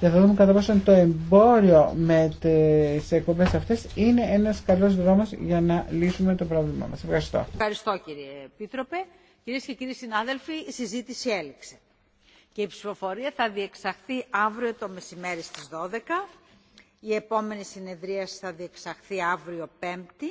και θα δούμε κατά πόσο το εμπόριο με τις εκπομπές αυτές είναι ένας καλός δρόμος για να λύσουμε το πρόβλημά μας. Ευχαριστώ. Ευχαριστώ κύριε Επίτροπε. Κυρίε και κύριοι συνάδελφοι, η συζήτηση έληξε και η ψηφοφορία θα διεξαχθεί αύριο το μεσημέρι στις 12. Η επόμενη συνεδρία θα διεξαχθεί αύριο 5η